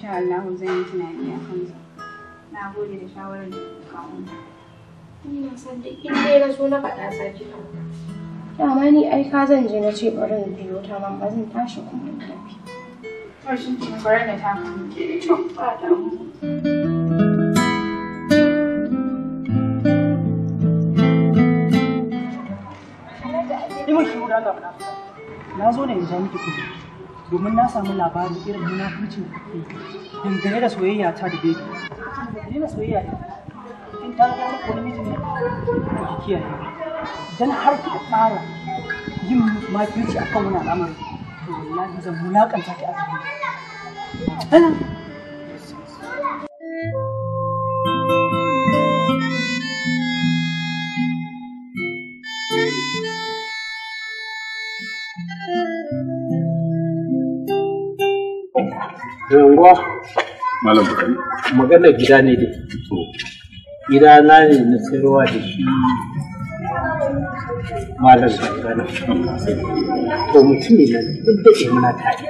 sha Allah zan yi tunani a kansa. Na gode da shawarar da kuka Ina son duk inda ya so na faɗa sake ɗauka. ma ni ai ka zan je na ce barin biyo ta nan ba zan tashi kuma in tafi. To shi ke barin da ta kan ke to ba damu. Na zo ne in ja miki kuɗi. domin na samu labarin irin munafuncin da kuke dangane da soyayya ta da bebi ni na soyayya ne in ta ga ko wani mijin ne to ki kiyaye dan har ki fara yin makirci akan wani al'amari to wallahi zan ta ki a cikin Zango. Malam Bukari. Maganar gida ne dai. Gida na ne na sayarwa da shi malam Zango. To mutum ne na duk da muna tare.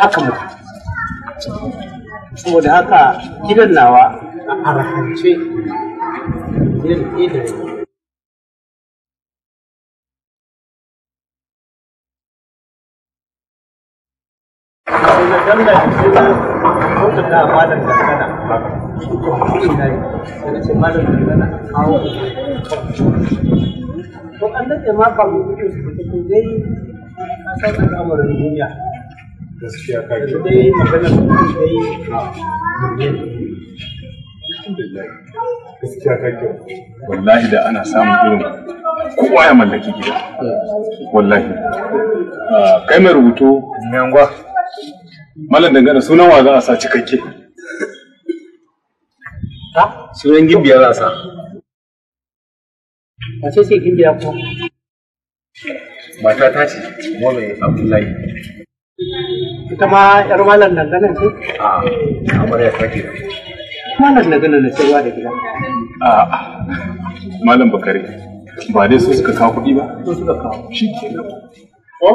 Haka muka. Saboda haka gidan nawa a arahance. Gidan ɗaya da gwamna ya ce kotun na da malam to ma ba mu su ko dai a san al'amarin duniya gaskiya ka ce dai dai ah. gaskiya ka wallahi da ana samun irin kowa ya mallaki gida hmm. wallahi ah, kai mai rubutu mai Malam dangane sunan wa za a sa cikakke. Ha? Sunan gimbiya za a sa. A ce gimbiya ko? Mata ta ce, Mole Abdullahi. Ita ma ‘yar malam dangane ce? A, kamar ya sake. Malam dangane na sayarwa da gida. A, malam Bakari Ba dai su suka kawo kuɗi ba? Su suka kawo. Shi ke nan. Oh?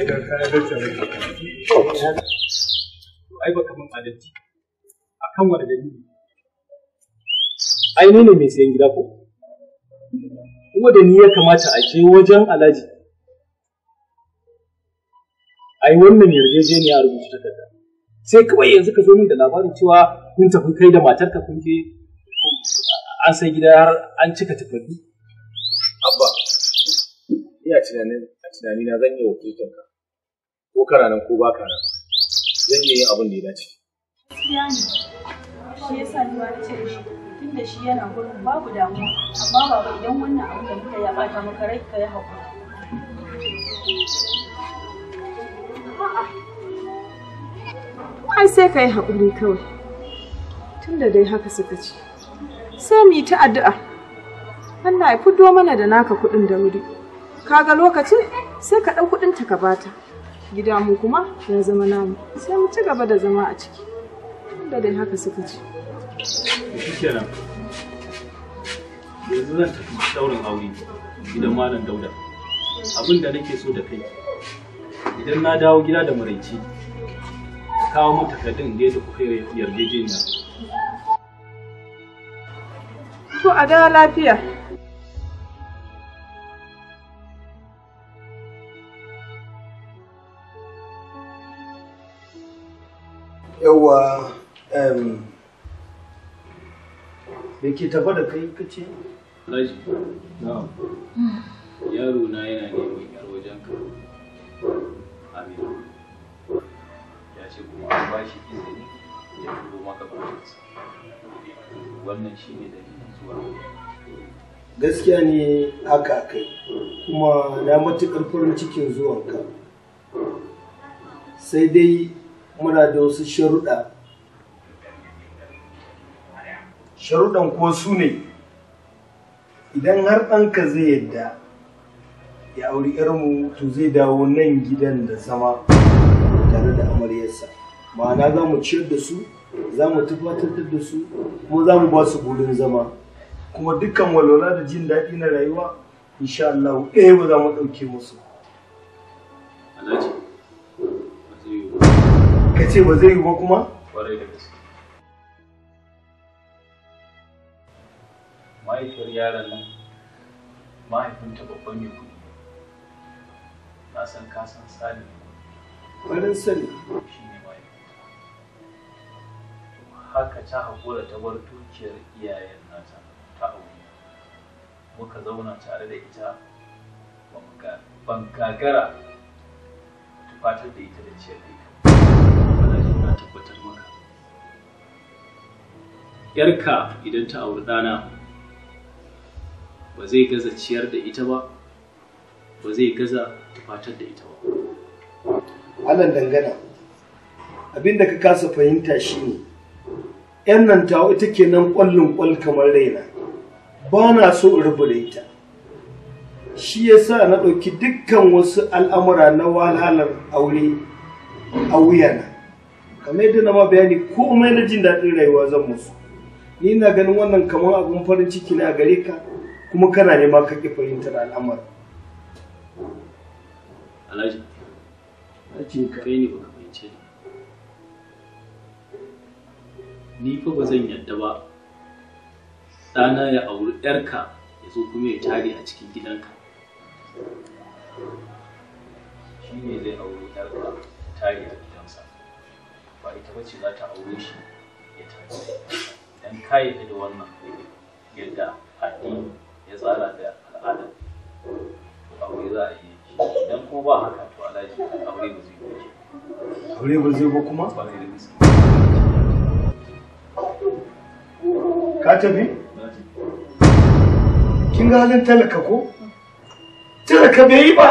idan ka ai baka min wani ni ne mai sayan gida ko kuma da ni ya kamata a ke wajen alaji ai wannan yarjejeniya a rubuta takarda sai kawai yanzu ka zo min da labarin cewa kun tafi kai da matarka kun je an sai gida har an cika takardu abba ina ne. tunani na zan yi wakilcin ka ko kana nan ko baka nan zan yi yin abin da ya dace gaskiya ne shi yasa ni ba ce tunda shi yana gurin babu damuwa amma baba idan wannan abu da muka ya bata maka rai ka yi hakuri ai sai ka yi haƙuri kawai tunda dai haka suka ce sai mu yi ta addu'a Allah ya fito mana da naka kuɗin da wuri. Kaga lokacin sai ka ɗau ta ka bata gida mu kuma ya zama namu sai mu ci gaba da zama a ciki da dai haka suka ci yanzu zan tafi aure gidan malam dauda abin da nake so da kai idan na dawo gida da maraici kawo mu takardun da kuka yarjejeniya Ko a dawo lafiya yawa da ke tafa da kai kace? Laji, na yaro na yana neman yar wajen ka. Ya ce kuma an ba shi izini ya fito maka Wannan shi ne zuwa. Gaskiya ne haka kai, kuma na matuƙar farin cikin zuwanka. Sai dai muna da wasu sharuɗa sharuɗan ko su ne idan har ɗanka zai yadda ya auri ƴarmu to zai dawo nan gidan da zama tare da amaryarsa ma'ana za mu ciyar da su za mu tabbatar da su kuma za mu ba su gurin zama kuma dukkan walwala da jin daɗi na rayuwa insha Allah ɗaya ba za mu ɗauke musu ka ce ba zai yi ba kuma? Kwarai da gaske. Mahaifiyar yaron nan mahaifinta babban ne kuɗi. Na san ka san sani. Warin sani. Shi ne mahaifinta. Haka ta haƙura ta bar dukiyar iyayen nata ta aure. Muka zauna tare da ita ban gagara tufatar da ita da ciyar da ita. tabbatar maka yarka idan ta auri ɗana ba zai gaza ciyar da ita ba ba zai gaza tufatar da ita ba Alan dangana abinda ka kasa fahimta shine yan nan ta ita kenan ƙwallon kwal kamar raina ba na so in rubuta ita shi yasa na ɗauki dukkan wasu al'amura na wahalar aure a wuyana kamar yadda na ba bayani komai na jin daɗin rayuwa zan musu ni na ganin wannan kamar abin farin ciki ne a gare ka kuma kana nema ka ƙi fahimtar al'amarin alhaji alhaji ka kai ne baka fahimce ni fa ba zan yadda ba ɗana ya auri ƴarka ya zo kuma ya tare a cikin gidanka shi ne zai auri ƴarka tare a ba ita bace za ta aure shi ya tafi dan kai da wannan yadda addini ya tsara da al'ada aure za a yi idan ko ba haka to alaji aure ba zai yi aure ba zai ba kuma ba zai ka tafi kin ga halin talaka ko talaka bai yi ba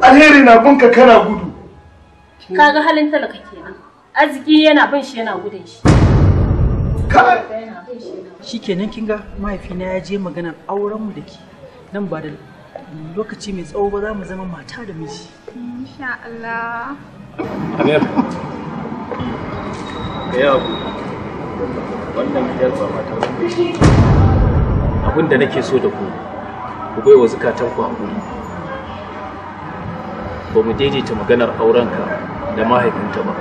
alheri na bunka kana gudu kaga halin talaka kenan arziki yana bin shi yana gudun shi shi kenan kin ga mahaifina ya je maganar auren mu da ke nan ba da lokaci mai tsawo ba za mu zama mata da miji insha Allah Amir ya abu wannan gidan ba mata abin da nake so da ku ku bai wa zukatan ku haƙuri, ba mu daidaita maganar aurenka da mahaifinta ba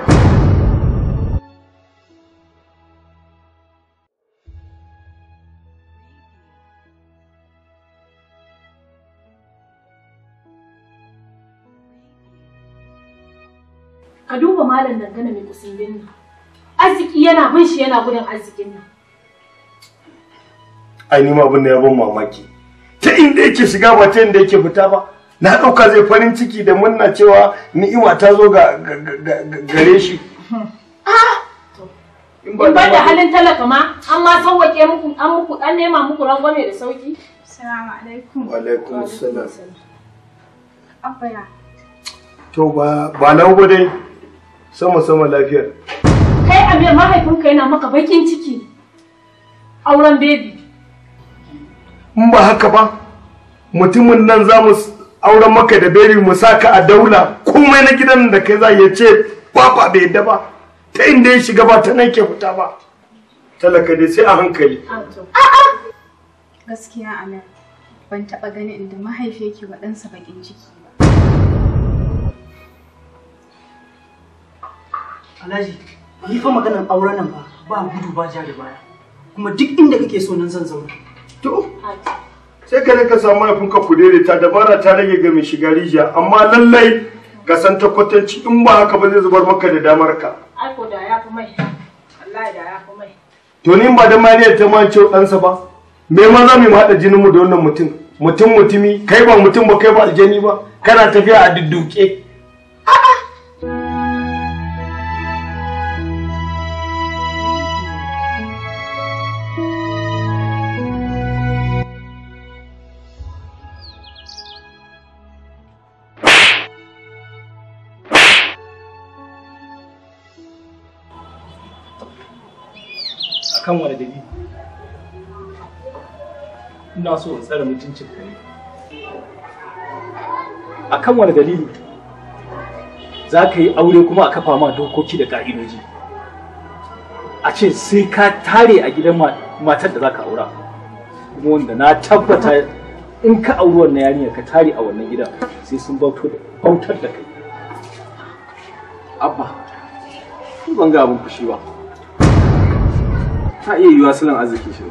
ka duba malam dangana mai kusurin nan arziki yana bin shi yana gudun arzikin nan ai ni ma abin da ya ban mamaki ta inda yake shiga ba ta inda yake fita ba na ɗauka zai farin ciki da murna cewa ni'ima ta zo ga gare shi ah! in ba da halin talaka ma an ma sauke muku an muku dan nema muku rangwame da sauki assalamu alaikum wa alaikum assalam abba to ba ba nawo dai sama sama lafiyar kai amir mahaifinka yana maka bakin ciki auren baby in ba haka ba mutumin nan za mu auren maka da baby mu saka a daula komai na gidan da kai za ya ce papa bai yadda ba ta inda ya shiga ba ta nan ke fita ba talaka dai sai a hankali gaskiya Amir, ban taɓa ganin inda mahaifi yake wa ɗansa bakin ciki Alhaji, ni fa maganar auren nan ba ba gudu ba ja da baya. Kuma duk inda kake so nan zan zauna. To, sai ka ka samu mahaifin ka ku ta dabara ta rage ga mai shiga rijiya amma lallai ka san ta kwatanci in ba haka ba zai zubar maka da damar ka. Ai ko da ya fi mai. Allah da ya fi mai. To ni ba da maliyar ta mance ɗansa ba. Me ma za mu haɗa jinin mu da wannan mutum? Mutum mutumi, kai ba mutum ba kai ba aljani ba, kana tafiya a dudduke. akan wani dalili ina so in tsara mutuncin ka ne akan wani dalili za ka yi aure kuma a kafa ma dokoki da ka'idoji a ce sai ka tare a gidan matar da za ka aura kuma wanda na tabbata in ka auri wannan yarinyar ka tare a wannan gidan sai sun bautar da kai abba ban ga abin fushi ba ta iya yiwa silan arziki shi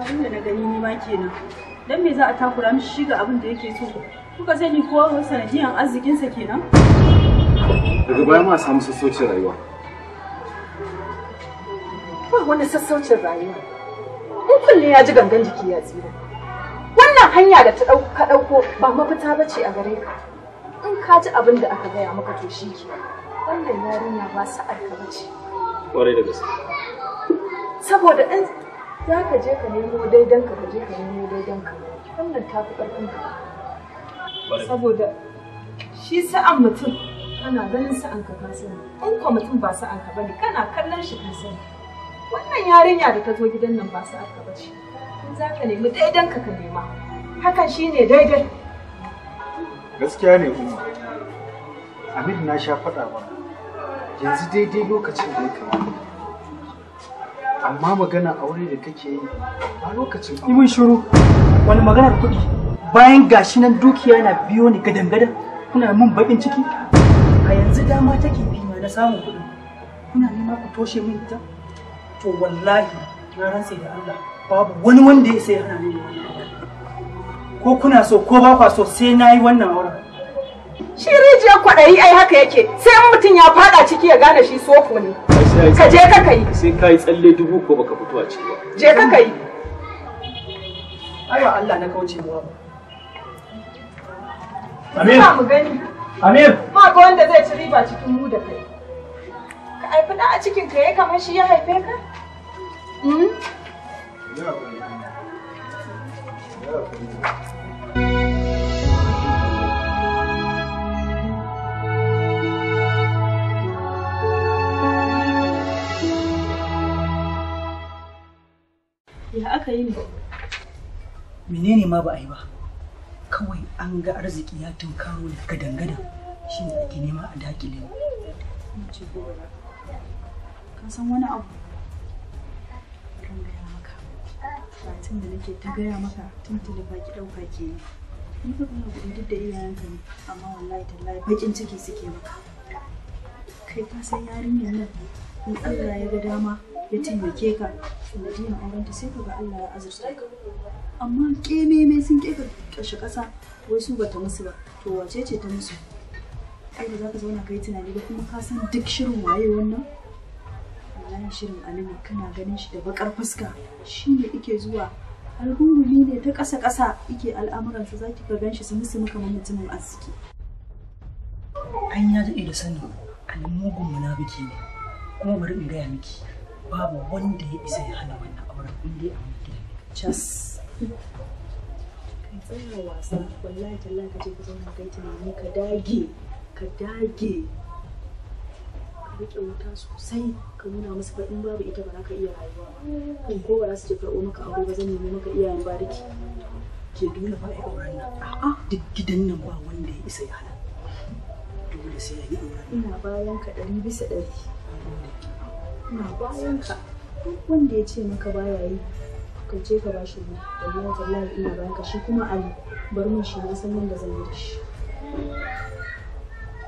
abin da na gani ni ma kenan dan me za a takura mishi shi ga abin da yake so kuka sani ko sanadiyan arzikinsa kenan daga baya ma samu sassauci rayuwa ba wani sassauci rayuwa in kulle ya ji gangan jiki ya tsira wannan hanya da ta ka ɗauko ba mafita ba ce a gare ka in ka ji abin da aka gaya maka to shi ke wannan yarinya ba sa ka ba ce ƙwarai da gaske saboda in za ka je ka nemo daidan ka ka je ka nemo daidan ka wannan ta fi ƙarfin ka saboda shi sa'an mutum kana ganin sa'an ka ka sani in ko mutum ba sa'an ka bane kana kallon shi ka sani wannan yarinya da ta zo gidan nan ba sa'an ka bace in za ka nemi daidan ka ka nema hakan shine daidai gaskiya ne kuma Aminu na sha faɗa ba yanzu daidai lokacin da ya kamata amma magana aure da kake yi a lokacin Yi mun shiru wani maganar kuɗi bayan gashi nan dukiya na biyo ni gadan-gadan kuna mun baƙin ciki. A yanzu dama take bi na na samun kuɗi kuna nema ku toshe min ta To wallahi na rantse da Allah babu wani wanda ya sai hana ni ko kuna so ko ba kwa so sai na yi wannan auren. shi rijiyar kwaɗayi ai haka yake sai mutum ya faɗa ciki ya gane shi sofo ne ka je ka kai sai ka yi tsalle dubu ko baka fito a ciki ba je ka kai ai Allah na kauce ba Amir mu gani Amir ma ga wanda zai ci riba cikin mu da kai ka ai fada a cikin ka yayi kamar shi ya haife ka Mm? yeah, yeah. aka yi ne menene ma ba a yi ba kawai an ga arziki ya tunkaro da gadan-gadan shi ne ake nema a dakile ka san wani abu kan gaya maka batun da nake ta gaya maka tun tilifa ki ɗauka ke yi ni ba ina kuɗi duk da iyayenka ne amma wallahi tallahi baƙin ciki suke maka kai ka san yarinyar nan in Allah ya ga dama ya taimake ka sanadiyan aurenta sai ka ga Allah ya azurta ka amma kememe sun ke kashe ƙasa wai su bata musu ba to wace ce ta musu ai da zaka zauna kai tunani ba kuma ka san duk shirin waye wannan wallahi shirin alimi kana ganin shi da bakar fuska shine ike zuwa algungumi ne ta ƙasa ƙasa ike al'amuransa zaki ka ganshi su musu maka mutumin aski? an ya daɗe da sani alimugun munafiki ne kuma bari in gaya miki babu wanda ya isa ya hana wannan auren in dai a wani gidan cas kai tsaya wasa wallahi tallahi ka je ka zauna kai tunani ka dage ka dage Ka riƙe wuta sosai ka nuna musu ba in babu ita ba za ka iya rayuwa ba in ko ba za su je karɓo maka aure ba zan nemi maka iyayen bariki ke dole ba a auren nan a'a duk gidan nan ba wanda ya isa ya hana dole sai ya yi auren ina bayan ka ɗari bisa ɗari ina bayan ka duk wanda ya ce maka baya yi ka ce ka bashi ne wallahi wallahi ina bayan ka shi kuma ali bar min shi na san da zan yi da shi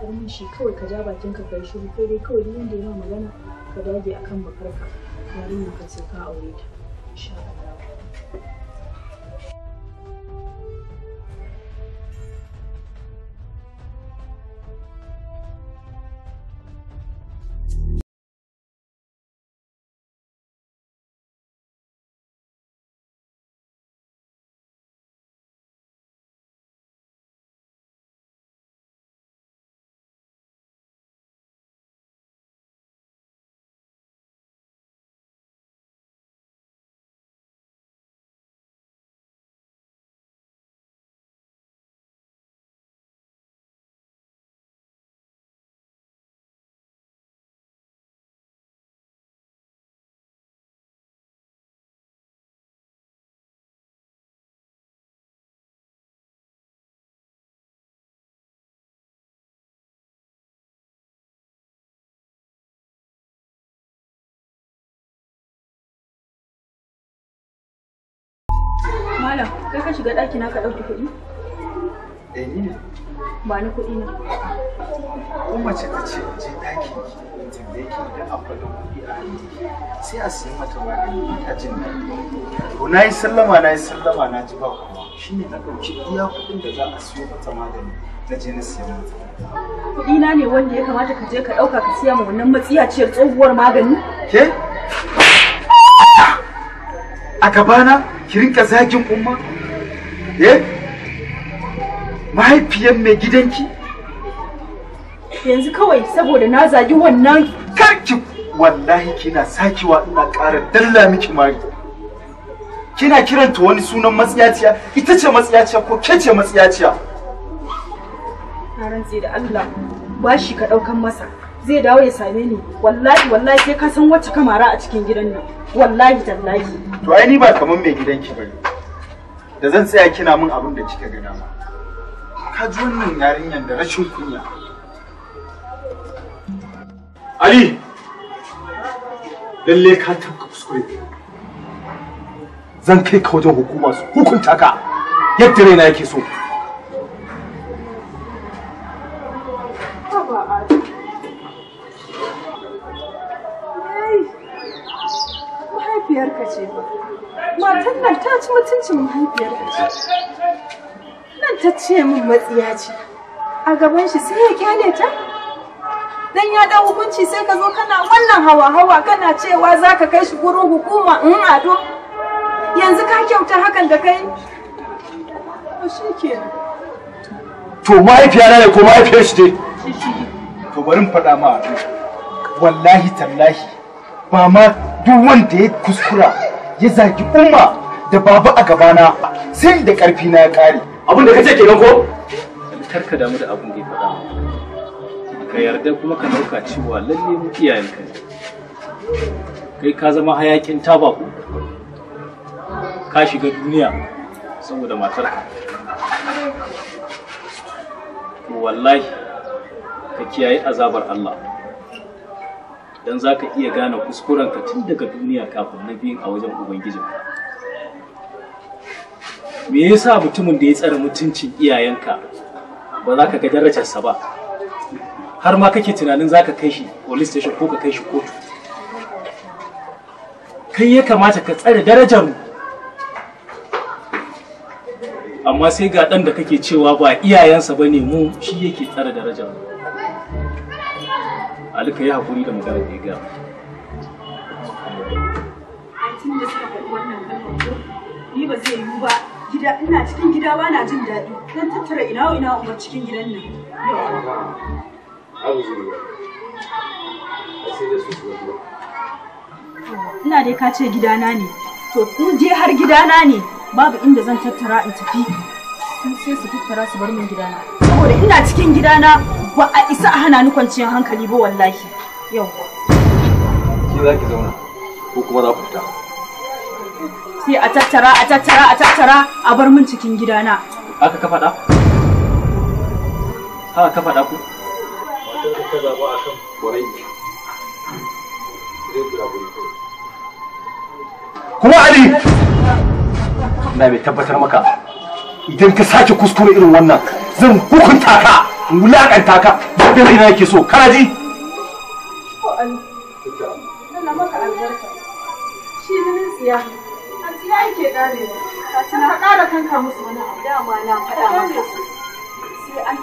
bar min shi kawai ka ja bakin ka kai shiru kai dai kawai duk ya magana ka dage akan bakarka yarinya ka ce ka aure ta insha Allah Malam, kai ka shiga ɗaki na ka ɗauki kuɗi? Eh ni ne. Ba ni kuɗi ne. ta ce je ɗaki akwai kuɗi a sai a sayi mata wani ta jin To na yi sallama na yi sallama na ji ba kuma na ɗauki iya kuɗin da za a siyo mata magani na je na siya mata. Kuɗi na ne wanda ya kamata ka je ka ɗauka ka siya ma wannan matsiyaciyar tsohuwar magani? Ke? A gabana? ki rinka zagin umma eh mahaifiyar mai gidanki yanzu kawai saboda na zagi wannan karki wallahi kina sakewa ina ƙara dalla miki mari kina kiranta wani sunan matsiyaciya ita ce matsiyaciya ko ke ce matsiyaciya na rantse da Allah ba shi ka ɗaukan masa zai dawo ya same ni wallahi wallahi sai ka san wacce kamara a cikin gidan nan wallahi tallahi to ai ni ba kaman mai gidanki bane da zan tsaya kina min abin da kika ga dama ka ji wannan yarinyar da rashin kunya Ali lalle ka tafka kuskure zan kai ka wajen hukuma su hukunta ka yadda raina yake so mahaifiyarka ce ba matan nan ta ci mutuncin mahaifiyarka ce nan ta ce min matsiya ce a gaban shi sai ya kyale ta dan ya dau hukunci sai ka zo kana wannan hawa hawa kana cewa za ka kai shi gurin hukuma in ado yanzu ka kyauta hakan da kai to shikenan to mahaifiyana ne ko mahaifiyar shi ne? to bari mu faɗa ma wallahi tallahi ba ma duk wanda ya kuskura ya zagi umma da babu a gabana sai da karfi na ya kare abin da kace kenan ko karka ka damu da abin da ya faɗa ka yarda kuma ka dauka cewa lalle mu ka ne kai ka zama hayakin ku ka shiga duniya saboda matarka wallahi ka kiyaye azabar Allah dan za ka iya gane kuskurenka tun daga duniya kafin na biyun a wajen ubangijin me yasa mutumin da ya tsara mutuncin iyayenka ba za ka ga darajarsa ba har ma kake tunanin za ka kai shi police station ko ka kai shi kotu kai ya kamata ka tsare darajar mu amma sai ga ɗan da kake cewa ba iyayensa ba ne mu shi yake tsare darajar mu Ali ka yi haƙuri da magana da ya gaya. A da suka faɗi wannan kalmar ni ba zai yiwu ba gida ina cikin gida ba na jin daɗi zan tattara ina ina umar cikin gidan nan. Abu zai a sai Ina dai ka ce gidana ne, to in je har gidana ne babu inda zan tattara in tafi. Sun sai su tattara su bar min gidana. saboda ina cikin gidana ba a isa a hana ni kwanciyar hankali ba wallahi yau ki za ki zauna ko kuma za ku fita sai a tattara a tattara a tattara a bar min cikin gidana aka ka faɗa haka ka faɗa ku da kuma Ali na mai tabbatar maka idan ka sake kuskure irin wannan zan hukunta ka wulakanta ka da dare na yake so kana ji sai an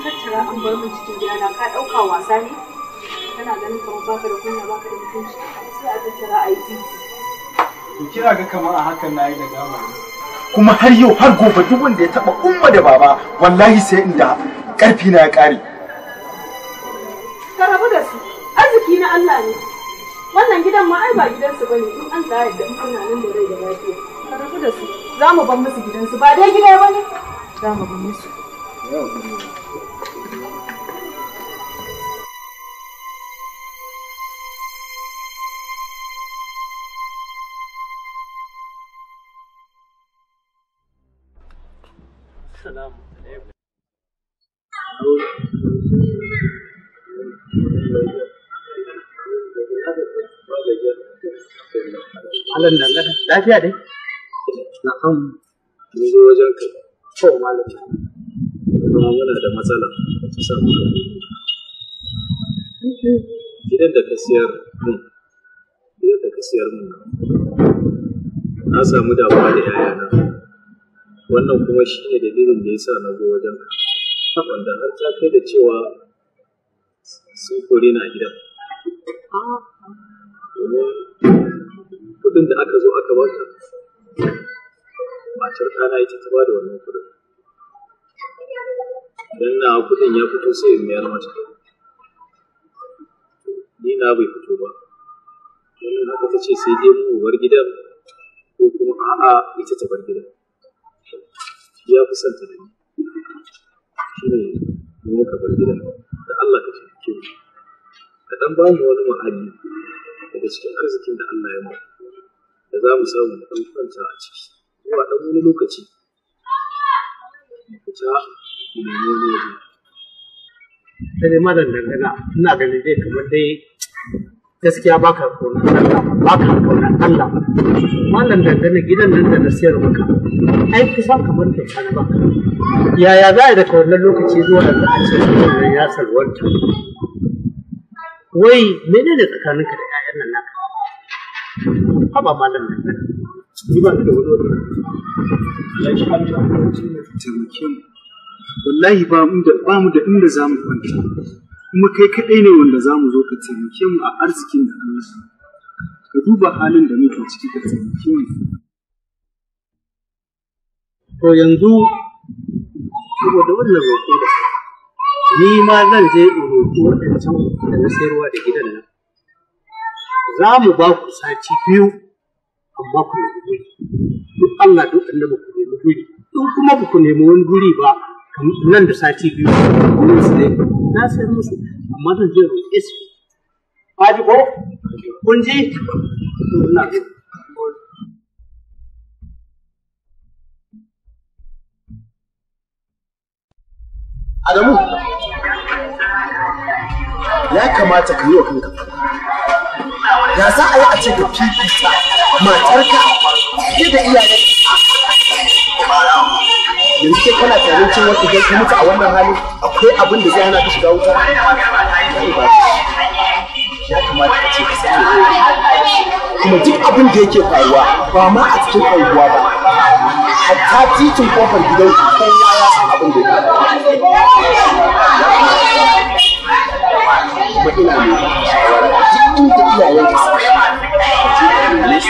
tattara an bar mu cikin gidana ka dauka wasa ne kana ganin kamar baka da kunya baka da mutunci sai a tattara a yi titi kira ga kamar a hakan na yi da gama ne kuma har yau har gobe duk wanda ya taba umma da baba wallahi sai inda karfi na ya kare ka da su arziki na Allah ne wannan gidan ma ai ba gidan gidansu bane in an ga yadda in ana nan da rai da lafiya ka rabu da su za mu ban musu gidansu ba dai gida bane za mu ban musu Alan dangana, lafiya dai? Na'am. Mun zo wajen ka. malam. Kuma muna da matsala ta samu. Gidan da ka siyar mun. Gidan da ka siyar mun. Na samu damuwa da yayana. Wannan kuma shi ne dalilin da ya sa na zo wajen ka. wanda har ta kai da cewa sun kore na gidan domin kudin da aka zo aka ba ta matar tana ita ta ba da wannan kudin don na kudin ya fito sai in mayar mata ni na bai fito ba wannan haka ta ce sai dai mu gidan ko kuma a'a ita ta bar gidan ya kusanta da ni shi ne in muka bar gidan da Allah ka shirke mu ka dan ba mu wani muhalli daga cikin arzikin da Allah ya mu da za mu samu dan kwanta a ciki zuwa dan wani lokaci ku ta mu nemi wani waje sai malam dangana ina ganin dai kamar dai gaskiya ba ka kona Allah ba ka kona Allah mallan dangane gidan nan da na sayar maka ai kusan kamar da kana ba yaya za a yi daga wannan lokaci zuwa da za a ce wannan ya salwanta wai menene ka da ƴaƴan nan naka haba mallan dangane. ni ba da wani wani wallahi ba mu da inda za mu kwanta kuma kai kaɗai ne wanda za mu zo ka taimake mu a arzikin da Allah ka duba halin da muke ciki ka taimake mu to yanzu saboda wannan roƙo da ni ma zan je in roƙi waɗancan da na sayarwa da gidan nan za mu ba ku sati biyu amma ku nemi guri duk Allah duk annabi ku nemi guri duk kuma ba ku nemi wani guri ba nan da sati biyu ne su dai na sai musu amma zan je roƙe su ba ji ko kun ji na Adamu ya kamata ka yi wa kanka ya za a yi a ce da fifita matarka fiye da iyayenka yanzu sai kana tsarin cewa idan ka mutu a wannan hali akwai abin da zai hana ka shiga wuta ya kamata ka ce ka sani kuma duk abin da yake faruwa ba ma a cikin unguwa ba hatta titin kofar gidan kowa ya san abin da yake kuma ina ne duk inda iyayen ka suke ka je ka neme su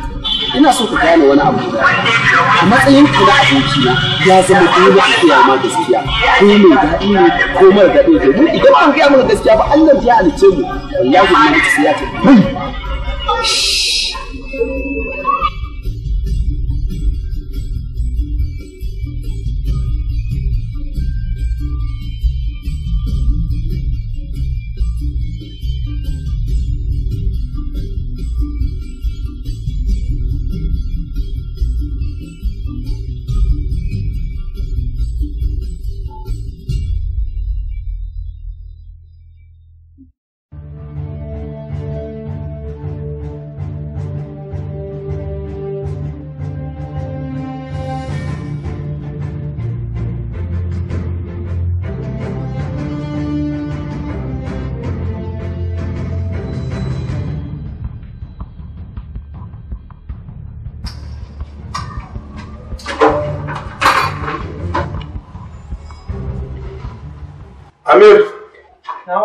ina so ka gane wani abu a matsayin ku na abokina ya zama dole a gaya ma gaskiya ko mai daɗi ne ko mara daɗi ne domin idan ba ka gaya mana gaskiya ba Allah ya alice mu wallahi ne ya ce mai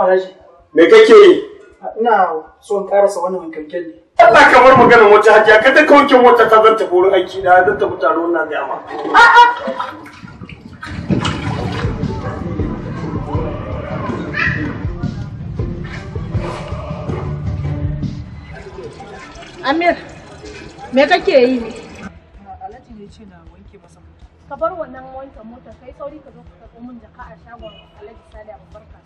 Alhaji. Me kake yi? Ina son karasa wani wankanken ne. Allah ka bar maganar wata hajiya ka ta wanke wata ta zan tafi wurin aiki da zan tafi taro na ga ma. Amir, me kake yi ne? Alhaji ne ce na wanke masa mota. Ka bar wannan wanke mota kai sauri ka zo ka karɓo min jaka a shagon Alhaji Sale Abubakar.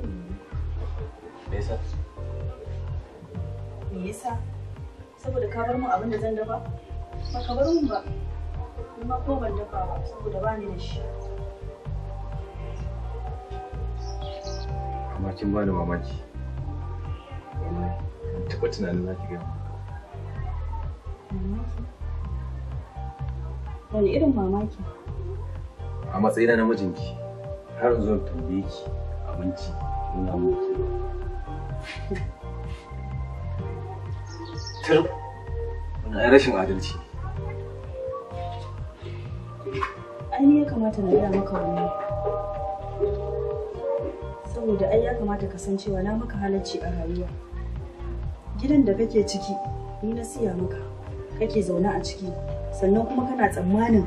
Me yasa? Me Saboda ka bar mu abin da zan dafa? Ba ka bar mu ba. Kuma ko ban dafa ba saboda ba ni da shi. Amma kin ba ni mamaki. Wallahi, taɓa tunanin za ki gaya Mamaki? Wani irin mamaki? A matsayina na mijinki, har zo tambaye ki abinci in amince Tur. Rashin adalci. Ai ya kamata na gaya maka wani. Saboda ai ya kamata ka san cewa na maka halarci a rayuwa. Gidan da kake ciki ni na siya maka. Kake zaune a ciki sannan kuma kana tsammanin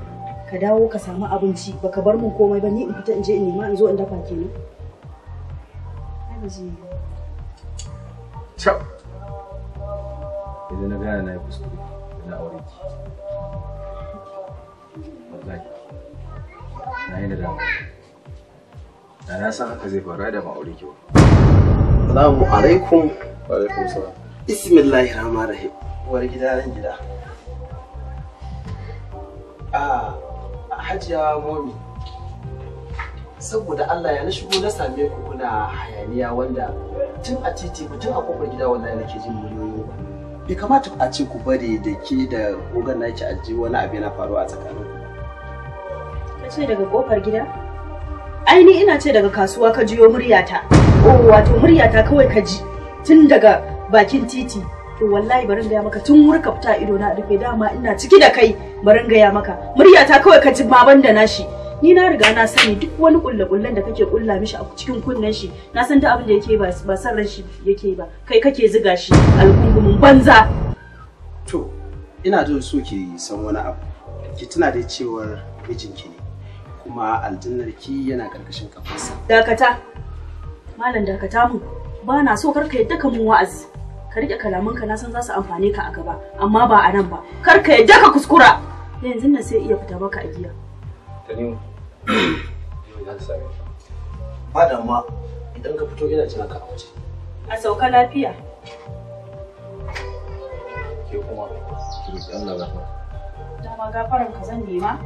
ka dawo ka samu abinci baka bar mun komai ba ni in fita in je in nema in zo in dafa kenan. Ai ba cap idan na na yi kuskure na aure ki na yi da na san haka zai fara da ma'aure ki ba salamu alaikum wa alaikum salam bismillahir rahmanir rahim uwar gida ran gida a ah, hajiya momi saboda Allah ya shigo na same ku kuna hayaniya wanda tun a titi tun a kofar gida wallahi nake jin muryoyi bai kamata a ce ku bari da ke da gogon na ki aji wani abu yana faruwa a tsakanin ku. ka ce daga kofar gida ai ni ina ce daga kasuwa ka jiyo muryata oh wato muryata kawai ka ji tun daga bakin titi to wallahi barin gaya maka tun wurka fita ido na rufe dama ina ciki da kai barin gaya maka muryata kawai ka ji baban da nashi ni na riga na sani duk wani kulle-kullen da kake kulla mishi a cikin kunnen shi na san duk abin da yake ba san ran shi yake ba kai kake ziga shi alkungumin banza to ina jin so ki san wani abu ki tuna da cewar mijinki ne kuma aljannar ki yana karkashin kafarsa dakata malam dakata mu ba na so karka yadda ka mun wa'azi ka rike kalamanka na san za su amfane ka a gaba amma ba a nan ba karka yadda ka kuskura yanzu nan sai iya fita baka a giya Tanimu, Ba da ma idan ka fito ina jiran ka a waje. A sauka lafiya. Ke kuma, ki roƙi Allah gafara. Dama gafaran ka zan nema?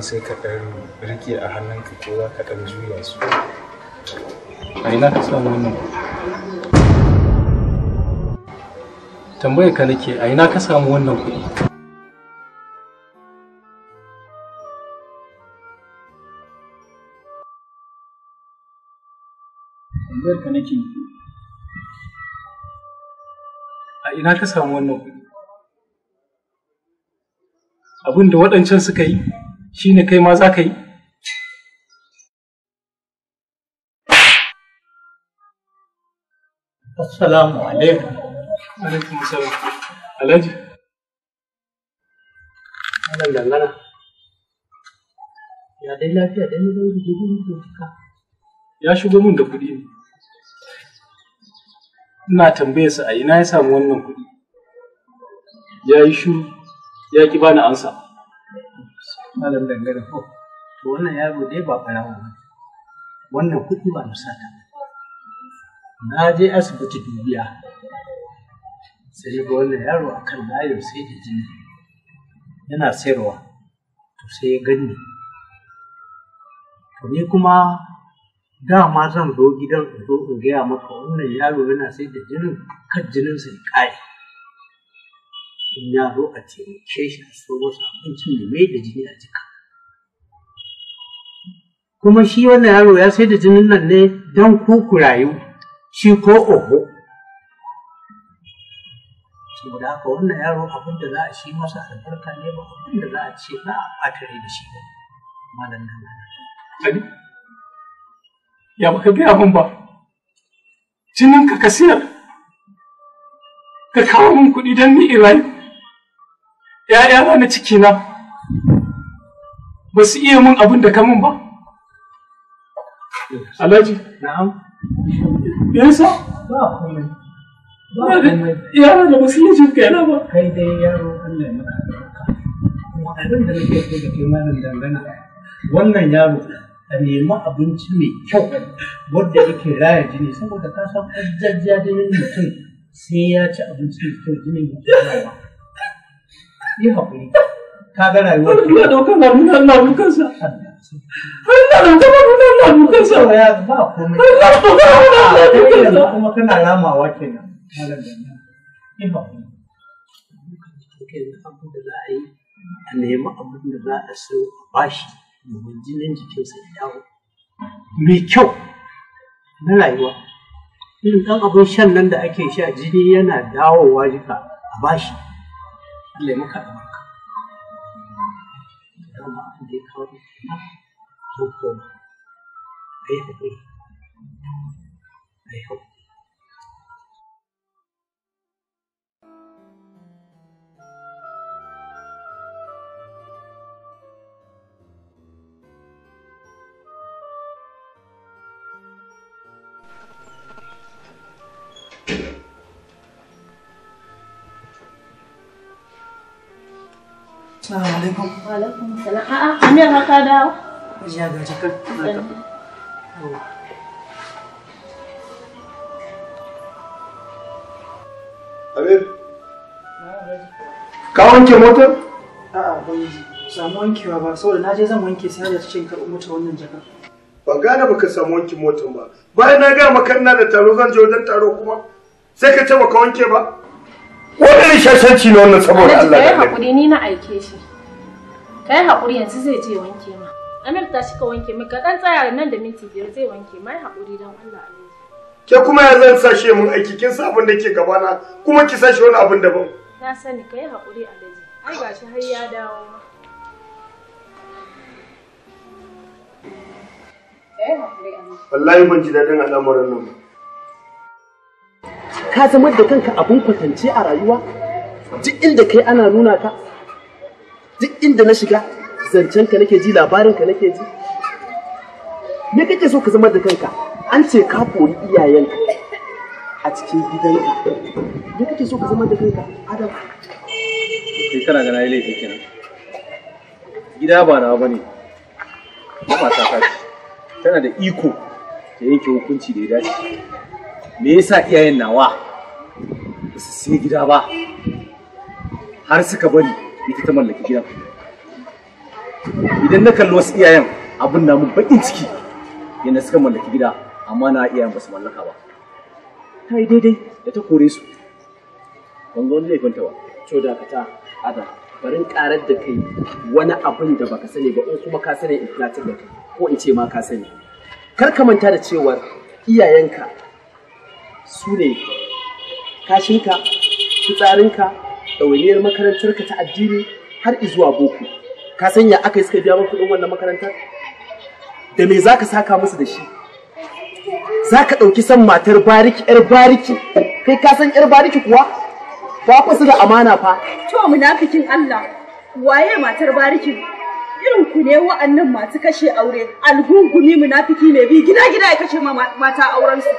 kayan sai ka ɗan rike a hannunka ko za ka ɗan juya su a ina ka samu wannan tambayar ka nake a ina ka samu wannan kuɗi tambayar ka nake a ina ka samu wannan kuɗi abin da waɗancan suka yi shi ne kai ma za ka yi assalamu alaikum alaikum assalam alhaji wannan dangana ya dai lafiya dan ne zai gudu ne ka ya shigo mun da kuɗi ne ina tambaye su a ina ya samu wannan kuɗi ya yi shiru ya ki bani ansa malam dangane ko to wannan yaro dai ba farawa ba wannan kuɗi ba na sata na je asibiti dubiya sai ga wannan yaro a kan layin sai da jini yana sayarwa to sai ya gani to ni kuma dama zan zo gidan in zo in gaya maka wannan yaro yana sai da jinin kan jinin jininsa ya ƙare in ya zo a taimake shi a so masa abincin da mai da jini a jika kuma shi wannan yaro ya sai da jinin nan ne don ku rayu shi ko oho saboda haka wannan yaro abin da za a shi masa albarka ne ba abin da za a ce ba a fatare da shi ba malam nan nan ya baka biya min ba jinin ka ka siyar ka kawo min kuɗi don ni Ibrahim. rayu ‘ya'yana na cikina ba su iya mun abin da kamun ba? Alhaji? Na'am. Yasa? Ba kuma. Ba komai. Yaro da ba su iya jin kaina ba. Kai dai yaro Allah ya maka Kuma abin da nake so da kai malam dangana wannan yaro a nemi abinci mai kyau wadda yake raya jini saboda ka san jajjajinin mutum sai ya ci abinci mai kyau jini mai kyau yi haƙuri ka ga rayuwar ta ina daukar na nuna na dukansa har ina daukar na nuna na dukansa ba ya ba komai har ina daukar na nuna na dukansa kuma kana ramawa kenan malam ganna yi haƙuri kenan abin da za a yi a neman abin da za a so a bashi domin jinin jikinsa ya dawo mai kyau na rayuwa irin ɗan abin shan nan da ake sha jini yana dawowa jika a bashi กิเลสมันขัดมากเข้วมาที่เขาทุกคนไอ้เขไปอ้เข Assalamu alaikum. Wa alaikum A'a, Amir har ka dawo? Ya ga jakar. Amir. Ka wanke motar? A'a, ban yi samu wankewa ba saboda na je zan wanke sai da cikin karɓo mota wannan jakar. Ban gane baka samu wanke motar ba. Bayan na ga maka ina da taro zan je wajen taro kuma sai ka ce baka wanke ba. wani rishashanci ne wannan saboda Allah ya haƙuri ni na aike shi ka yi haƙuri yanzu zai je wanke ma amir ta shi ka wanke mai ka ɗan tsaya nan da minti biyar zai wanke ma yi haƙuri don Allah ke kuma ya zan sashe mun aiki kin sa abin da ke gaba na kuma ki sashe wani abin daban na sani ka yi haƙuri alhaji ai ga shi har ya dawo ma wallahi ban ji daɗin al'amuran nan ba ka zama da kanka abin kwatance a rayuwa duk inda kai ana nuna ka duk inda na shiga zancen ka nake ji labarin ka nake ji me kake so ka zama da kanka an ce ka koyi iyayenka a cikin gidanka me kake so ka zama da kanka adam kai kana ga nayi laifi kenan gida ba na bane ba mata ta tana da iko ta yanke hukunci da ya dace me yasa iyayen nawa su sai gida ba har suka bari ita ta mallaki gidan idan na kalli wasu iyayen abin na mun bakin ciki yadda suka mallaki gida amma na iyayen ba su mallaka ba ta yi daidai da ta kore su ban ga wani laifin ta ba to da ka ta ada barin karar da kai wani abin da baka sani ba in kuma ka sani in tunatar da kai ko in ce ma ka sani kar ka manta da cewar iyayenka su ne kashinka fitsarinka ɗawainiyar ka ta addini har izuwa boko ka sanya aka suka biya maka kuɗin wannan makarantar da me za ka saka musu da shi za ka ɗauki san matar bariki yar bariki kai ka san yar bariki kuwa ba ku su da amana fa to munafikin Allah waye matar bariki irin ku ne wa'annan masu kashe aure algungumi munafiki ne bi gida gida ya kashe mata auren su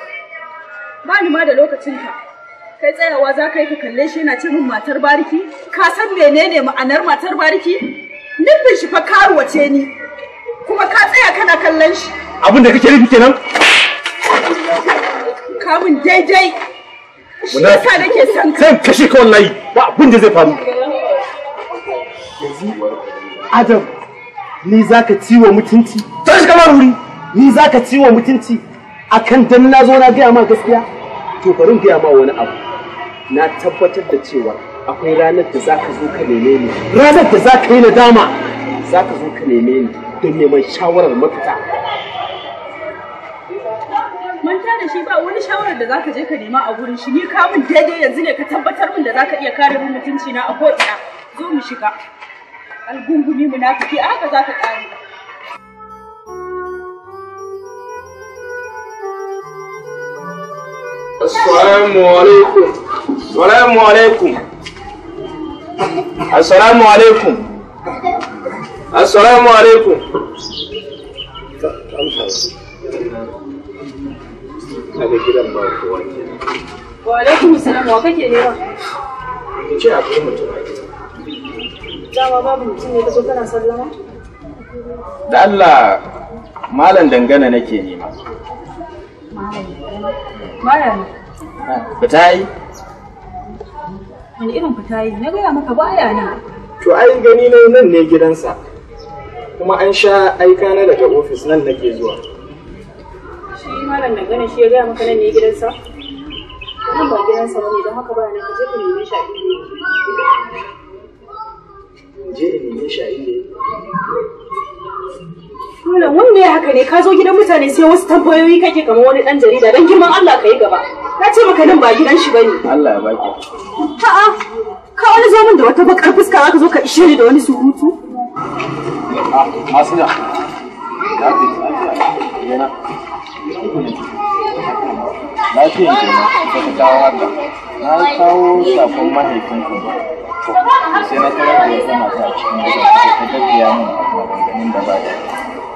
ba ni ma da lokacinka kai tsayawa za ka yi ka kalle shi yana ce matar bariki ka san menene ma'anar matar bariki nufin shi fa karuwa ce ni kuma ka tsaya kana kallon shi abin da kake nufi kenan kamun daidai shi yasa nake son ka zan kashe ka wallahi ba abin da zai faru adam ni za ka ciwo mutunci tashi kamar wuri ni za ka ciwo mutunci akan dan na zo na gaya ma gaskiya to bari gaya ma wani abu na tabbatar da cewa akwai ranar da za ka zo ka neme ni ranar da za ka yi nadama za ka zo ka neme ni don neman shawarar mafita manta da shi ba wani shawarar da zaka je ka nema a gurin shi ni ka mun daidai yanzu ne ka tabbatar min da zaka iya kare mun mutunci na a ko ina zo mu shiga algungumi munafiki aka zaka kare Assalamu alaikum. Assalamu alaikum. Assalamu alaikum. Wa alaikum salam Da Allah malam dangana nake nema. Malam. Fita yi? Wani irin fita yi? Na gaya maka baya nan. To ai gani na nan ne gidansa. Kuma an sha aika na daga ofis nan nake zuwa. Shi malam na gane shi ya gaya maka nan ne gidansa? Nan ba gidansa ba ne don haka baya nan ka je ka nemi shi a inda je in nemi shi a inda Malam wanda ya haka ne ka zo gidan mutane sai wasu tambayoyi kake kamar wani dan jarida dan girman Allah ka yi gaba. Ka ce maka nan ba gidan shi bane. Allah ya baki. A'a ka wani zo min da wata bakar fuska zaka zo ka ishe ni da wani surutu. Masina. Lafiyan ke na kawo haka. Na kawo sakon mahaifinku. Sai na karar da wata na ta cikin gidan ta gajiya min maganganun da ba da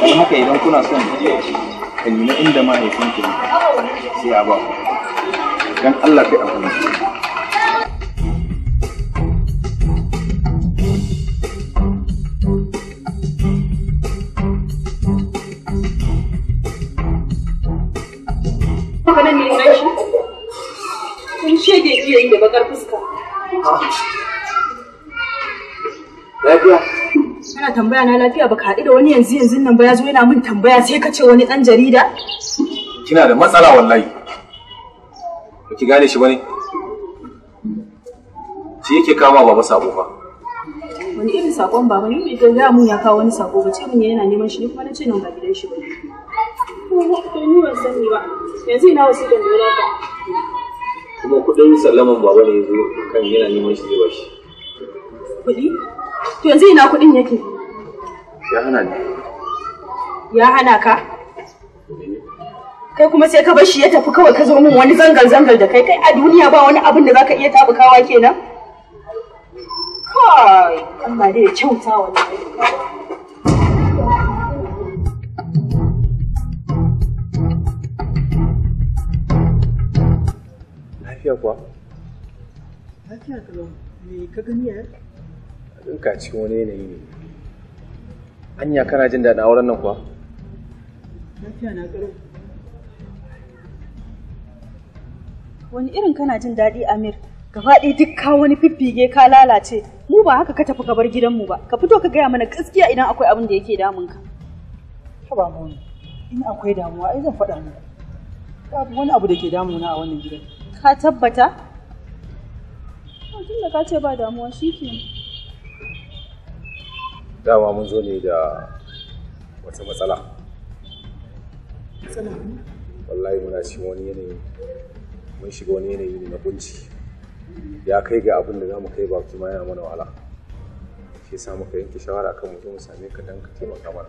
don haka idan kuna son ka nuna inda mahaifin ki sai a ba don Allah kai abu ah. Lafiya. Kana tambaya na lafiya baka haɗu da wani yanzu yanzu nan ba ya zo yana min tambaya sai ka ce wani ɗan jarida? Kina da matsala wallahi. Ba ki gane shi ba ne? Shi yake kama baba sabo fa. Wani irin sakon baba ne mai gaya mun ya kawo wani sako ba ce mun yana neman shi ne kuma na ce nan ba gidan shi ba ne. Ni ban sani ba. Yanzu ina wasu da nuna ba? Kuma kuɗin sallaman baba ne zo kan yana neman shi zai ba shi. Kuɗi? To yanzu ina kuɗin yake? ya hana ni ya hana ka kai kuma sai ka bar shi ya tafi kawai ka zo min wani zangal zangal da kai kai a duniya ba wani abin da zaka iya tabukawa kenan kai Allah dai ya kyauta wannan lafiya kuwa? Lafiya kalau me ka gani yar? Ɗinka cikin wani yanayi ne. Anya kana jin daɗin auren nan kuwa? Lafiya na ƙarfi. Wani irin kana jin daɗi Amir? Gabaɗe duk ka wani fiffige ka lalace. Mu ba haka ka tafi ka bar gidanmu ba. Ka fito ka gaya mana gaskiya idan akwai abin da yake damun ka. Haba mu in akwai damuwa ai zan faɗa muku. Babu wani abu da ke damuna a wannan gidan. Ka tabbata? Tun da ka ce ba damuwa shi kenan. dama mun zo ne da wata matsala wallahi muna cikin wani yanayi mun shiga wani yanayi ne na kunci ya kai ga abin da za mu kai baki ma yana mana wahala shi yasa muka yanke shawara kan mu zo mu same ka dan ka taimaka mana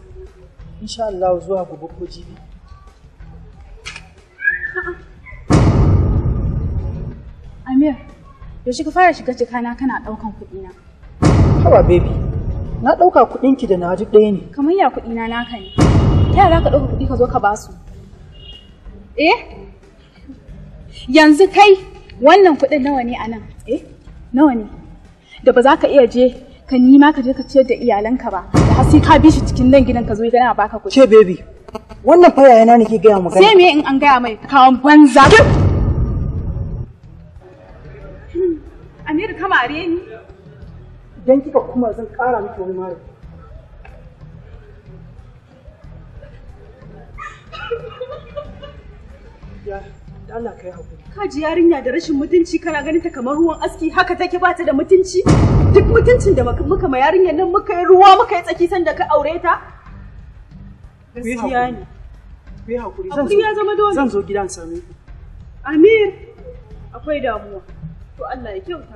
insha Allah zuwa gobe ko jibi Amir yaushe ka fara shiga jikana kana daukan kuɗi na Haba baby na dauka kuɗinki ki da na ji ɗaya ne Kamar ya kuɗi na naka ne Ta za ka dauka kuɗi ka zo ka su Eh yanzu kai wannan kuɗin nawa ne anan eh nawa ne da ba za ka iya je ka ma ka je ka ciyar da iyalanka ba da har sai ka bi shi cikin nan gidan ka zo yana baka kuɗi ce baby wannan fa yayana nake gaya magana. sai me in an gaya mai kawon banza Amir kamare ni idan kika kuma zan ƙara miki wani mara Yeah. Allah kai hakuri. Ka ji yarinya da rashin mutunci kana ganin ta kamar ruwan aski haka take ba ta da mutunci? Duk mutuncin da muka ma yarinyar nan muka yi ruwa muka yi tsaki sanda ka aure ta? Gaskiya ne. Ku yi hakuri. Hakuri ya zama dole. Zan zo gidan same ku. Amir, akwai damuwa. To Allah ya kyauta.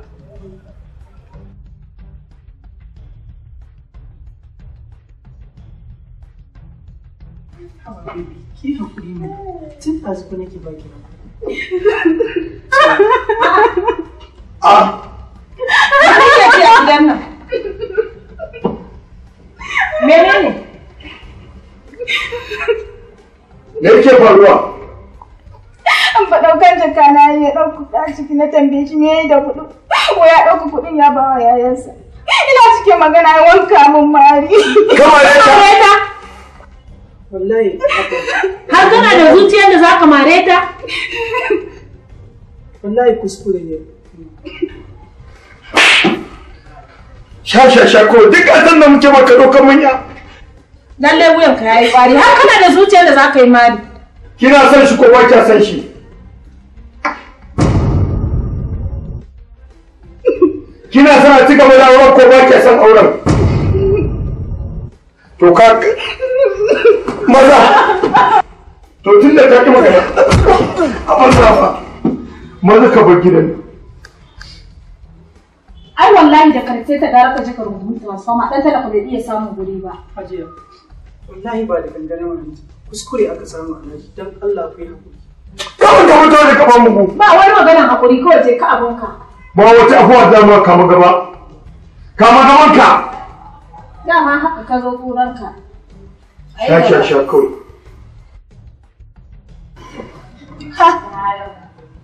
Ki hakuri ne, tun ɗazu ku nake baki hakuri. a ce a gidan menene me yake faruwa an fa daukar jaka na ya ɗauku ka ciki na tambaye shi me da kudu ko ya dauku kuɗin ya ba wa yayansa ina cikin magana ya wanka mun mari kamar ta wallahi har kana da zuciyar da zaka mare ta wallahi kuskure ne sha sha sha ko duk azan da muke maka dokar manya lalle wuyan ka yayi kwari har kana da zuciyar da zaka yi mari kina san shi ko ba ka san shi kina son a ci gaba da auren ko ba kya san auren to ka maza to tun da ta ki magana a banza fa maza ka bar gidan ai wallahi da karce ta gara ka je ka rubuta transforma dan talaka bai iya samun guri ba hajiya wallahi ba da dangane wannan kuskure aka samu alaji dan Allah ku yi hakuri mun ka mutu da mu ku ba wani magana hakuri kawai je ka abunka ba wata afuwa da mu kama gaba kama gaban ka Dama haka ka zo kurarka. sha sha kawai.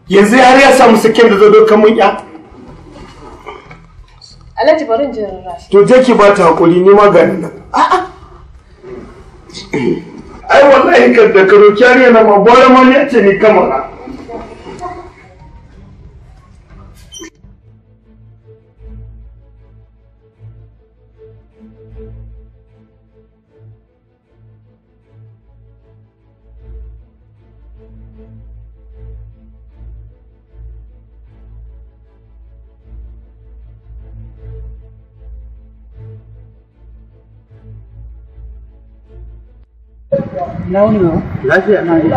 Yanzu har ya samu sakin da zai dokan mun ya. Alhaji To je ki ba ta hakuri ni ma nan. Ai wallahi kan da karo kyariya na ma bora ma ne ce ni kamar. Na na yi.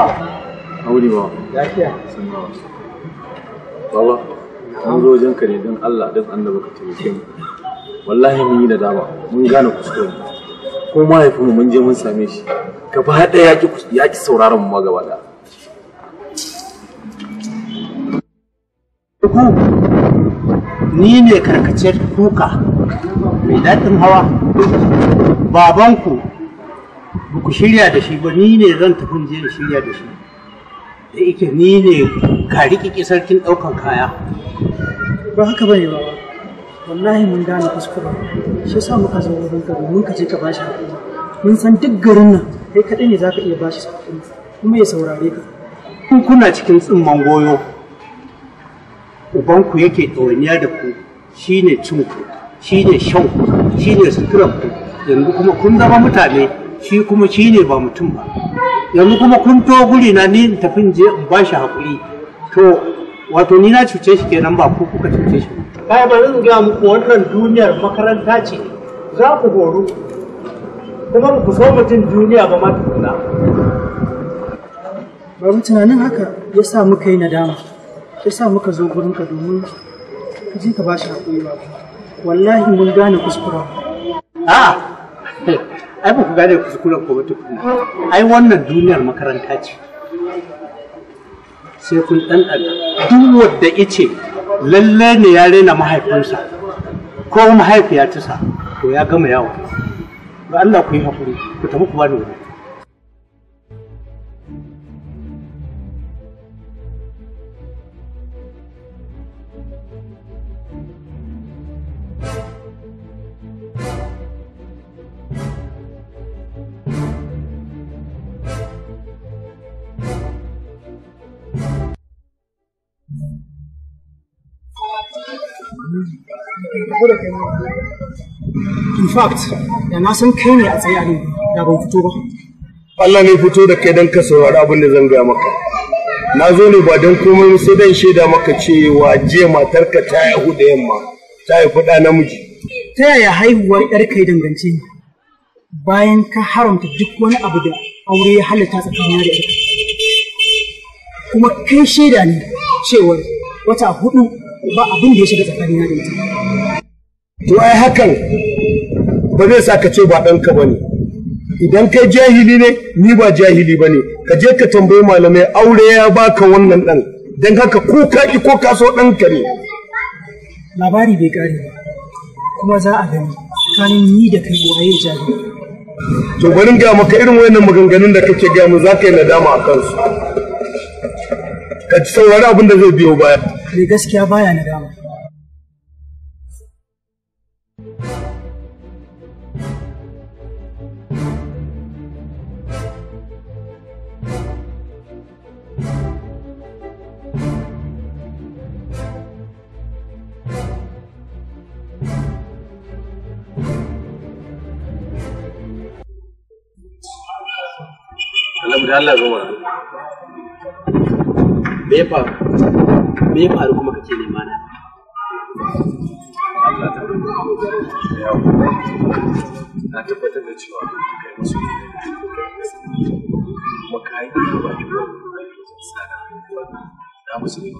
wajen ka ne Allah don annabi ka mu. Wallahi mun yi da dama, mun gane kuskure. Ko mahaifinmu mun je mun same shi. Gaba haɗa ya ki sauraron mu ma gaba Ni ne karkacin kuka mai daɗin hawa, babanku ba ku shirya da shi ba ni ne zan tafi je da shirya da shi da ike ni ne ka riƙiƙi sarkin ɗaukan kaya ba haka bane ba wallahi mun gane kuskure shi yasa muka zo wurin ka mun ka je ka bashi hakuri mun san duk garin nan kai kaɗai ne za ka iya bashi hakuri kuma ya saurare ka kun kuna cikin tsimman goyo ubanku yake ɗawainiya da ku shine cinku shine shan ku shine suturan ku yanzu kuma kun zama mutane shi kuma shi ne ba mutum ba yanzu kuma kun to guri na ni in tafi je in ba shi haƙuri to wato ni na cuce shi kenan ba ko kuka cuce shi ba ba zan ga muku wannan duniyar makaranta ce za ku horu kuma ku so mutum duniya ba ma tukuna bari tunanin haka ya sa muka yi nadama ya sa muka zo gurinka domin ka je ka ba shi haƙuri ba wallahi mun gane kuskura a'a ah! ai ba ku gane kuskuren ko wata kuma ai wannan duniyar makaranta ce sai kun dan duk wanda yace lalle ne ya rena mahaifinsa ko mahaifiyarsa to ya gama yawo ba Allah ku yi hakuri ku tafi ku bani wani in fact da na san kai ne a tsaye a da ban fito ba Allah ne fito da kai don ka saurari abin da zan gaya maka na zo ne ba don komai sai dan shaida maka cewa jiya matarka ta haihu da yamma ta haifi ɗa namiji ta yaya haihuwar yarka ya dangance bayan ka haramta duk wani abu da aure ya halatta tsakanin da yarka kuma kai shaida ne cewar wata hudu ba abin da ya shiga tsakanin da ita to ai hakan ba zai sa ka ce ba ɗanka ba ne idan kai jahili ne ni ba jahili ba ne ka je ka tambayi malamai aure ya baka wannan ɗan don haka ko ka ki ko ka so ɗanka ne labari bai ƙare ba kuma za a gani tsakanin ni da kai waye jahili to bari ga maka irin wayannan maganganun da kake ga mu za ka yi nadama a kansu ka saurari abin da zai biyo baya. Me gaskiya baya nadama. Allah zuma me ya faru me ya faru kuma kake nema na na tabbatar da cewa kai masu kuma ka yi da ba ki tsada na musu ne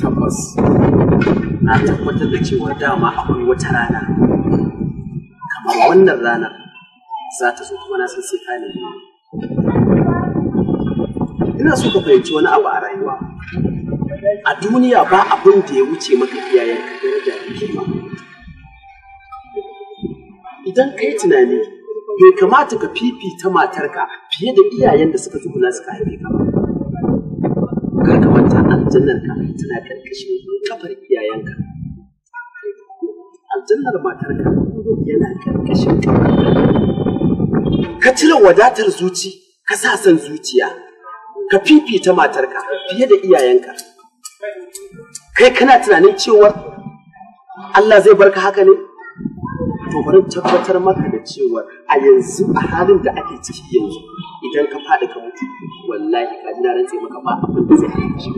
tabbas na tabbatar da cewa dama akwai wata rana wannan rana za ta zo kuma na san sai ka ina so ka fahimci wani abu a rayuwa a duniya ba abin da ya wuce maka iyayen ka da da kima idan kai tunani bai kamata ka fifita matarka fiye da iyayen da suka tsuguna suka haife ka ba ka kamata aljannar ka tana karkashin kafar iyayenka aljannar matarka yana ƙarƙashin ka cire wadatar zuci ka sa son zuciya ka fifita matarka fiye da iyayenka kai kana tunanin cewa Allah zai barka haka ne to bari tabbatar maka da cewa a yanzu a halin da ake ciki yanzu idan ka faɗi ka mutu wallahi ka jina rantse maka ba abin da zai yi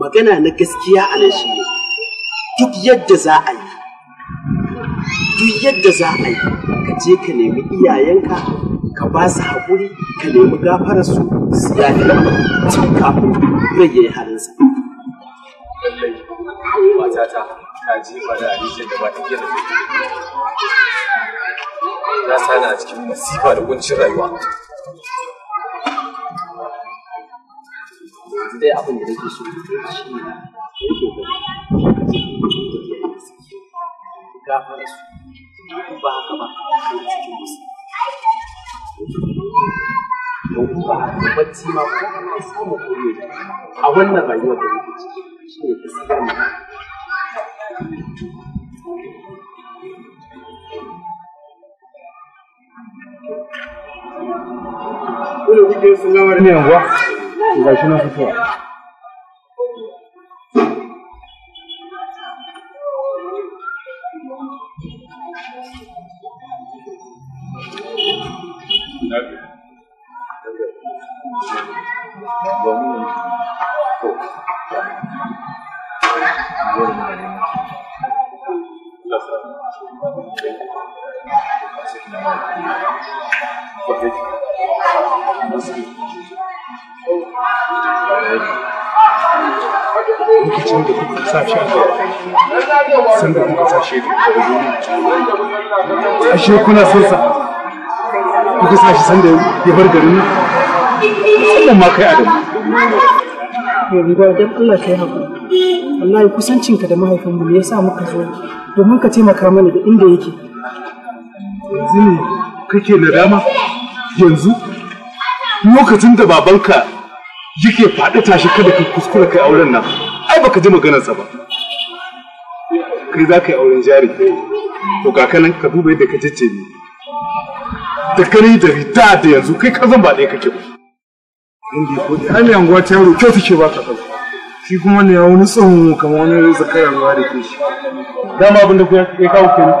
magana na gaskiya a shi ne duk yadda za a yi duk yadda za a yi ka je ka nemi iyayenka ka ba su haƙuri ka nemi gafararsu su yafi tun kafin rage halinsa. Lallai, matata ji a da ba ta gina Ya sana a cikin masifa da kuncin rayuwa. Sai dai abin da nake so shi ne in ba haka ba sai cikin musu ba haka ba bacci ma a wannan rayuwa da muke ciki shine gaskiya ne Kuna kuke sun gama da ne yanzu? Ga shi na fitowa. lokacin da kuka sa shi a san da sa shi da ashe kuna son sa ka sa shi sanda ya bar garin sannan ma kai adam yanzu da dan Allah yi haƙuri wallahi kusancinka da mahaifinmu ya yasa muka zo domin ka taimaka mana da inda yake yanzu ne kake nadama yanzu lokacin da babanka yake faɗi tashi kada ka kuskura kai auren nan ai baka ji maganarsa ba kai za ka yi auren jari to kakanan ka duba yadda ka jajjebe da kare da rita da yanzu kai ka zan ba ɗaya kake ba inda ya kodi ai anguwa ta yaro kyau take ba ka ɗau shi kuma ne ya wani tsohon kamar wani zakarar ruwa da ke shi dama abin da ku ya kawo kenan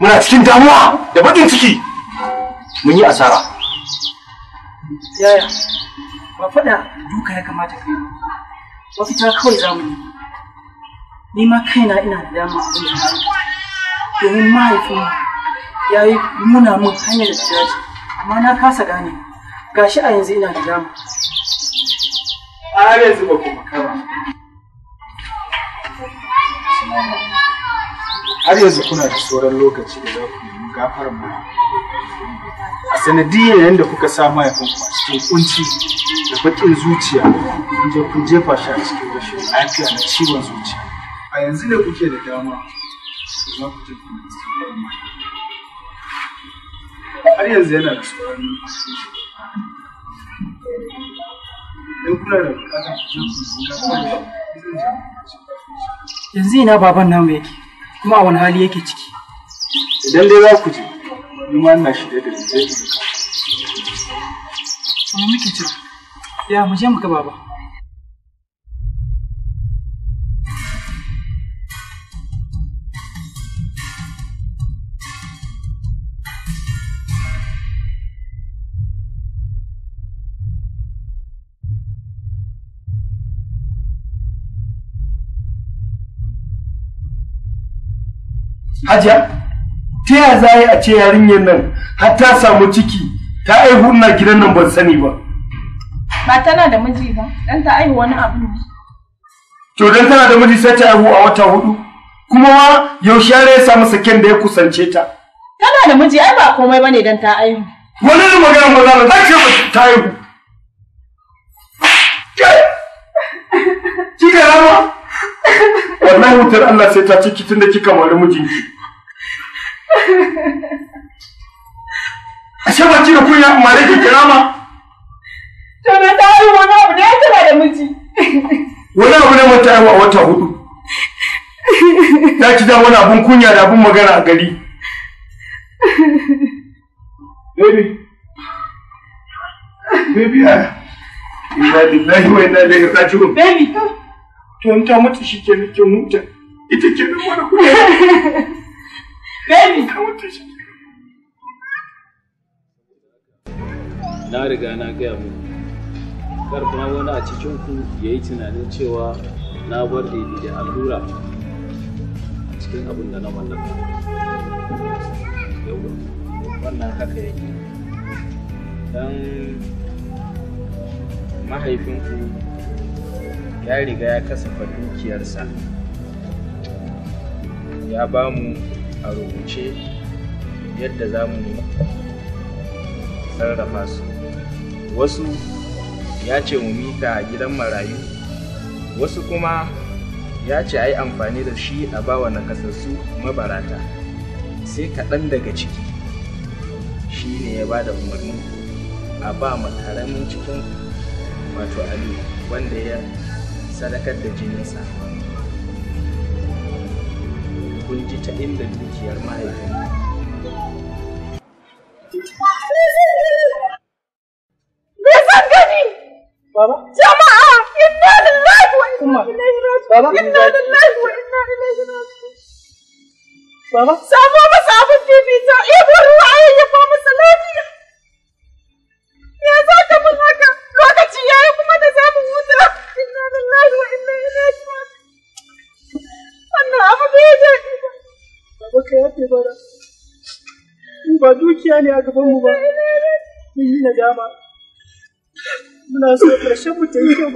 muna cikin damuwa da baƙin ciki mun yi asara yaya ba faɗa duka ya kamata yi ba, ta kawai za mu yi ni ma kaina ina da dama a kan domin mahaifin ya yi nuna mun hanyar da dace amma na kasa gane gashi a yanzu ina da dama har yanzu ba kuma kama har yanzu kuna da sauran lokaci da za ku nemi gafarar mu a sanadiyar yadda kuka sa mahaifin a cikin kunci da bakin zuciya kun je kun jefa shi a cikin rashin lafiya na ciwon zuciya a yanzu ne kuke da dama za ku je ku nemi har yanzu yana da sauran lokaci da yanzu ina baban namu yake kuma wani hali yake ciki idan dai za ku je ni ma ina shi da zai yi muke ya mu je mu ga baba hajiya ta ya za a yi a ce yarinyar nan har ta samu ciki ta aihu ina gidan nan ban sani ba ba tana da miji ba dan ta aihu wani abu ne to dan tana da miji sai ta aihu a wata hudu kuma ma yaushe ya samu saken da ya kusance ta tana da miji ai ba komai bane dan ta aihu wani ne magana maza za ce ta aihu kika rama wallahi wutar Allah sai ta ciki tunda kika mari mijinki Ashe ba ki da kunya mare ki kirama. To na ta yi wani abu da ya tana da miji. Wani abu ne wata yi a wata hudu. Ta ci da wani abun kunya da abun magana a gari. Baby. Baby ya. Ina lahi wa ina ilaihi raji'un. Baby. To in ta mutu shi ke nake mutu. Ita ke nan wani kunya. Baby! Na riga na gaya mu. ma wani a cikin ku ya yi tunanin cewa na bar da allura a cikin abin da na wannan. wannan haka yake. Dan mahaifinku ya riga ya kasafa dukiyarsa ya ba mu a rubuce yadda za mu sarrafa su wasu ya ce mu mika gidan marayu wasu kuma ya ce a yi amfani da shi a bawa nakasassu mabarata sai kaɗan daga ciki shi ne ya ba da umarni a ba ma karamin cikin wato aliyu wanda ya sadakar da jininsa kun ji ta inda dukiyar mahaifin Me san gani? Jama'a! Inna lillahi wa inna ilaihi Baba? wa inna ilaihi raji'un. Baba? Samo masa abin fifita, ibo ruwa ya yaba masa lafiya. Ya za ka mun haka? Lokaci ya yi kuma da za mu huta. Inna lillahi wa inna ilaihi wannan abu bai daɗi ba. Baba Ba dukiya ne a gaban mu ba. Mun yi nadama. Muna so ƙarshen mu ta yi kyau